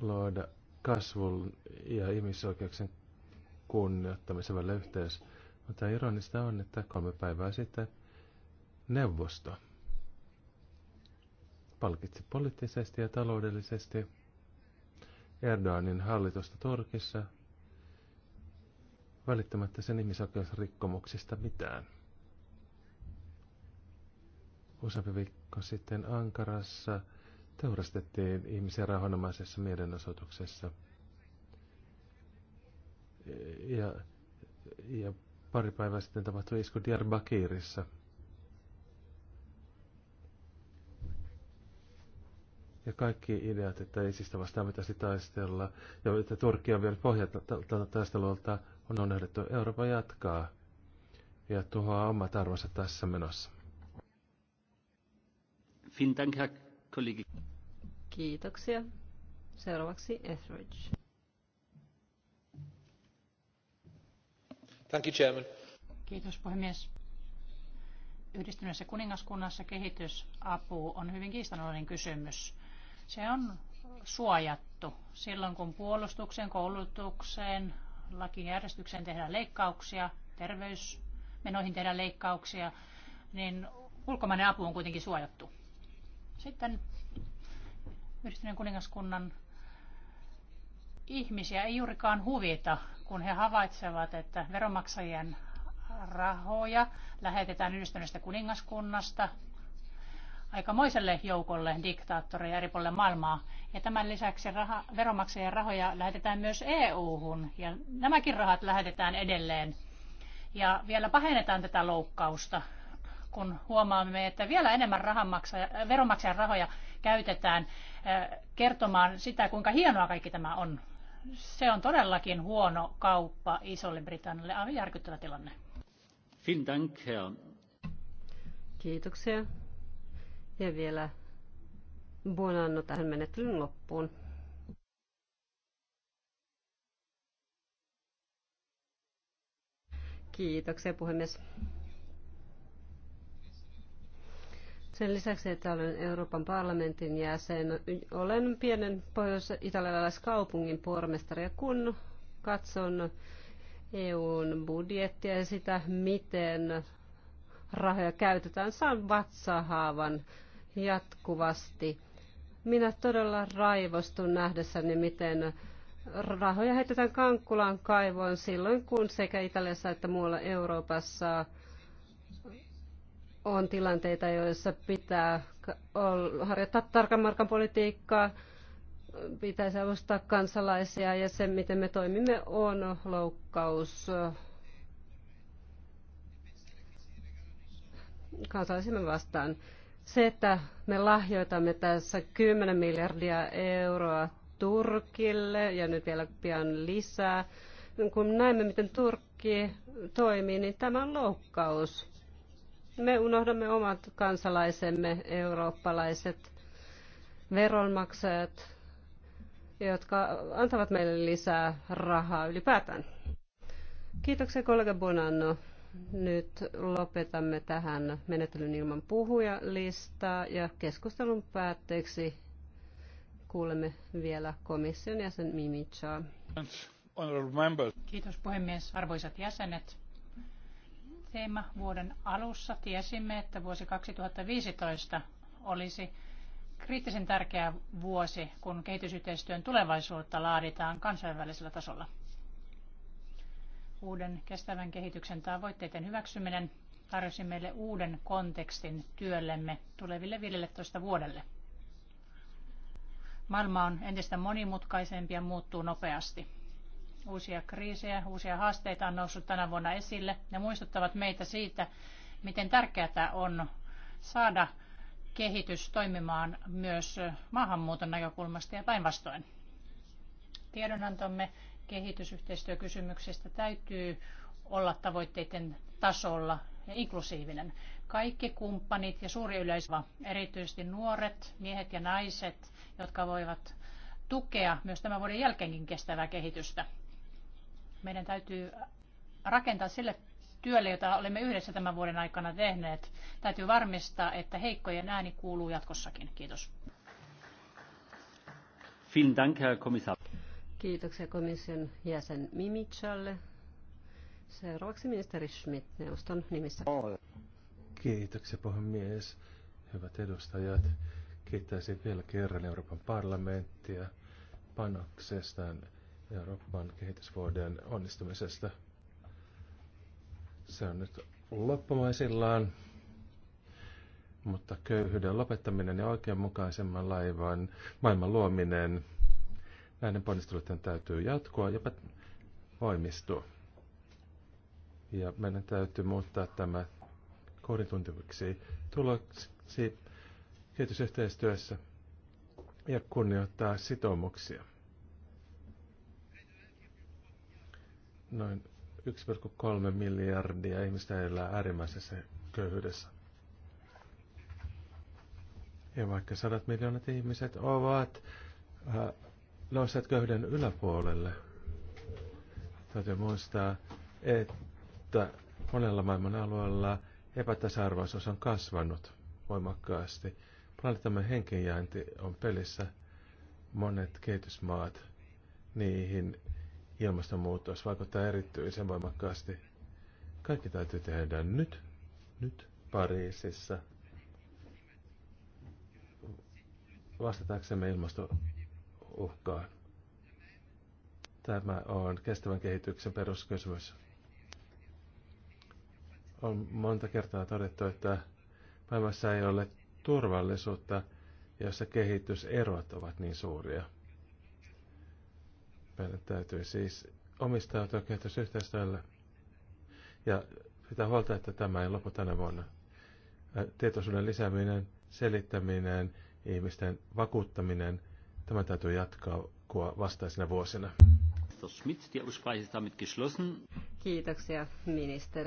luoda kasvun ja ihmisoikeuksien kunnioittamisen välillä yhteys mutta ironista on, että kolme päivää sitten neuvosto palkitsi poliittisesti ja taloudellisesti Erdoganin hallitusta Turkissa välittämättä sen ihmisoikeusrikkomuksista mitään. Useampi viikko sitten Ankarassa teurastettiin ihmisiä rauhanomaisessa mielenosoituksessa. Ja, ja Pari päivää sitten tapahtui isku Diyarbakirissa. Ja kaikki ideat, että isistä vastaan pitäisi taistella ja että Turkki on vielä pohjataistelulta, on unohdettu. Eurooppa jatkaa ja tuhoaa omat arvonsa tässä menossa. Kiitoksia. Seuraavaksi Etheridge. arvoisa Kiitos puhemies. Yhdistyneessä kuningaskunnassa kehitysapu on hyvin kiistanalainen kysymys. Se on suojattu silloin, kun puolustukseen, koulutukseen, lakijärjestykseen tehdään leikkauksia, terveysmenoihin tehdään leikkauksia, niin ulkomainen apu on kuitenkin suojattu. Sitten yhdistyneen kuningaskunnan ihmisiä ei juurikaan huvita, kun he havaitsevat, että veronmaksajien rahoja lähetetään yhdistyneestä kuningaskunnasta aikamoiselle joukolle diktaattoreja eri puolille maailmaa. Ja tämän lisäksi raha, veronmaksajien rahoja lähetetään myös EU-hun ja nämäkin rahat lähetetään edelleen. Ja vielä pahennetaan tätä loukkausta, kun huomaamme, että vielä enemmän veronmaksajan rahoja käytetään eh, kertomaan sitä, kuinka hienoa kaikki tämä on. Se on todellakin huono kauppa Isolle Britannialle. Aivan järkyttävä tilanne. Dank, Kiitoksia. Ja vielä Buonanno tähän menettelyn loppuun. Kiitoksia puhemies. Sen lisäksi, että olen Euroopan parlamentin jäsen, olen pienen pohjois-italialaiskaupungin pormestari ja kun katson EUn budjettia ja sitä, miten rahoja käytetään, saan vatsahaavan jatkuvasti. Minä todella raivostun nähdessäni, miten rahoja heitetään Kankkulan kaivoon silloin, kun sekä Italiassa että muualla Euroopassa on tilanteita, joissa pitää harjoittaa tarkan markan politiikkaa, pitäisi avustaa kansalaisia ja se, miten me toimimme, on loukkaus kansalaisimme vastaan. Se, että me lahjoitamme tässä 10 miljardia euroa Turkille ja nyt vielä pian lisää, kun näemme, miten Turkki toimii, niin tämä on loukkaus me unohdamme omat kansalaisemme, eurooppalaiset veronmaksajat, jotka antavat meille lisää rahaa ylipäätään. Kiitoksia kollega Bonanno. Nyt lopetamme tähän menettelyn ilman puhujalistaa ja keskustelun päätteeksi kuulemme vielä komission jäsen Mimichaa. Kiitos puhemies, arvoisat jäsenet. Teema vuoden alussa tiesimme, että vuosi 2015 olisi kriittisen tärkeä vuosi, kun kehitysyhteistyön tulevaisuutta laaditaan kansainvälisellä tasolla. Uuden kestävän kehityksen tavoitteiden hyväksyminen tarjosi meille uuden kontekstin työllemme tuleville 15 vuodelle. Maailma on entistä monimutkaisempi ja muuttuu nopeasti. Uusia kriisejä, uusia haasteita on noussut tänä vuonna esille. Ne muistuttavat meitä siitä, miten tärkeää on saada kehitys toimimaan myös maahanmuuton näkökulmasta ja päinvastoin. Tiedonantomme kehitysyhteistyökysymyksistä täytyy olla tavoitteiden tasolla ja inklusiivinen. Kaikki kumppanit ja suuri yleisö, erityisesti nuoret, miehet ja naiset, jotka voivat tukea myös tämän vuoden jälkeenkin kestävää kehitystä. Meidän täytyy rakentaa sille työlle, jota olemme yhdessä tämän vuoden aikana tehneet. Täytyy varmistaa, että heikkojen ääni kuuluu jatkossakin. Kiitos. Kiitoksia komission jäsen Mimicalle. Seuraavaksi ministeri Schmidt neuvoston nimissä. Kiitoksia puhemies. Hyvät edustajat, kiittäisin vielä kerran Euroopan parlamenttia panoksestaan Euroopan kehitysvuoden onnistumisesta. Se on nyt loppumaisillaan, mutta köyhyyden lopettaminen ja oikeanmukaisemman laivan maailman luominen, näiden ponnisteluiden täytyy jatkua, jopa voimistua. Ja meidän täytyy muuttaa tämä koodintuntuviksi tuloksi kehitysyhteistyössä ja kunnioittaa sitoumuksia. Noin 1,3 miljardia ihmistä elää äärimmäisessä köyhyydessä. Ja vaikka sadat miljoonat ihmiset ovat äh, nousseet köyhyyden yläpuolelle, täytyy muistaa, että monella maailman alueella epätasa-arvoisuus on kasvanut voimakkaasti. Planeettamme henkenjäänti on pelissä. Monet kehitysmaat, niihin Ilmastonmuutos vaikuttaa erityisen voimakkaasti. Kaikki täytyy tehdä nyt, nyt Pariisissa. Vastataksemme ilmastouhkaan. Tämä on kestävän kehityksen peruskysymys. On monta kertaa todettu, että maailmassa ei ole turvallisuutta, jossa kehityserot ovat niin suuria. Meidän täytyy siis omistautua kehitysyhteistyölle ja pitää huolta, että tämä ei lopu tänä vuonna. Tietoisuuden lisääminen, selittäminen, ihmisten vakuuttaminen, tämä täytyy jatkaa vastaisina vuosina. Kiitoksia ministeri.